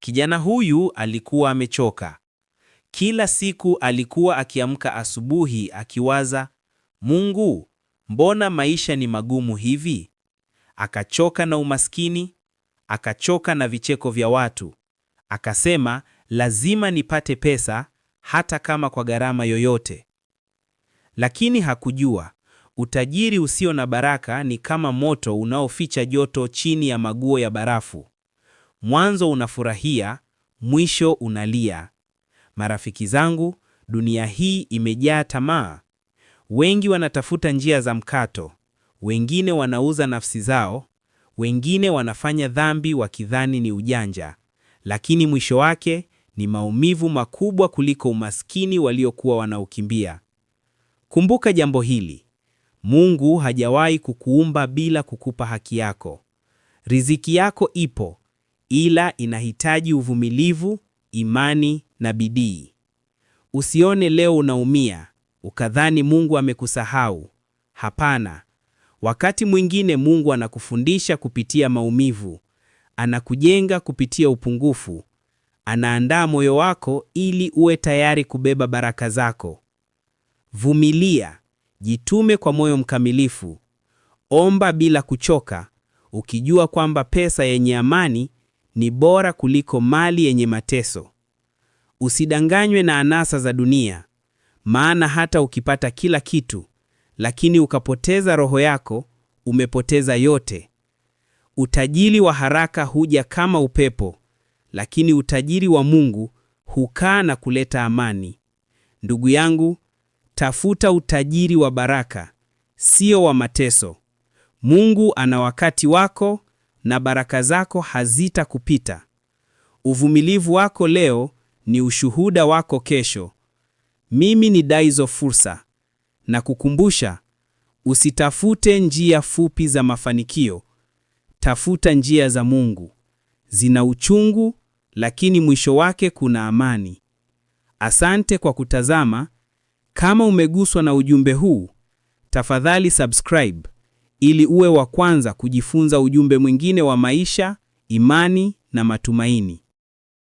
Kijana huyu alikuwa amechoka. Kila siku alikuwa akiamka asubuhi akiwaza, Mungu, mbona maisha ni magumu hivi? Akachoka na umaskini, akachoka na vicheko vya watu. Akasema lazima nipate pesa hata kama kwa gharama yoyote. Lakini hakujua utajiri usio na baraka ni kama moto unaoficha joto chini ya maguo ya barafu. Mwanzo unafurahia, mwisho unalia. Marafiki zangu, dunia hii imejaa tamaa. Wengi wanatafuta njia za mkato, wengine wanauza nafsi zao, wengine wanafanya dhambi wakidhani ni ujanja, lakini mwisho wake ni maumivu makubwa kuliko umaskini waliokuwa wanaukimbia. Kumbuka jambo hili: Mungu hajawahi kukuumba bila kukupa haki yako. Riziki yako ipo, ila inahitaji uvumilivu, imani na bidii. Usione leo unaumia ukadhani Mungu amekusahau. Hapana, wakati mwingine Mungu anakufundisha kupitia maumivu, anakujenga kupitia upungufu, anaandaa moyo wako ili uwe tayari kubeba baraka zako. Vumilia, jitume kwa moyo mkamilifu, omba bila kuchoka, ukijua kwamba pesa yenye amani ni bora kuliko mali yenye mateso. Usidanganywe na anasa za dunia, maana hata ukipata kila kitu, lakini ukapoteza roho yako, umepoteza yote. Utajiri wa haraka huja kama upepo, lakini utajiri wa Mungu hukaa na kuleta amani. Ndugu yangu, tafuta utajiri wa baraka, sio wa mateso. Mungu ana wakati wako na baraka zako hazitakupita. Uvumilivu wako leo ni ushuhuda wako kesho. Mimi ni Daizo Fursa na kukumbusha, usitafute njia fupi za mafanikio, tafuta njia za Mungu. Zina uchungu, lakini mwisho wake kuna amani. Asante kwa kutazama. Kama umeguswa na ujumbe huu, tafadhali subscribe ili uwe wa kwanza kujifunza ujumbe mwingine wa maisha, imani na matumaini.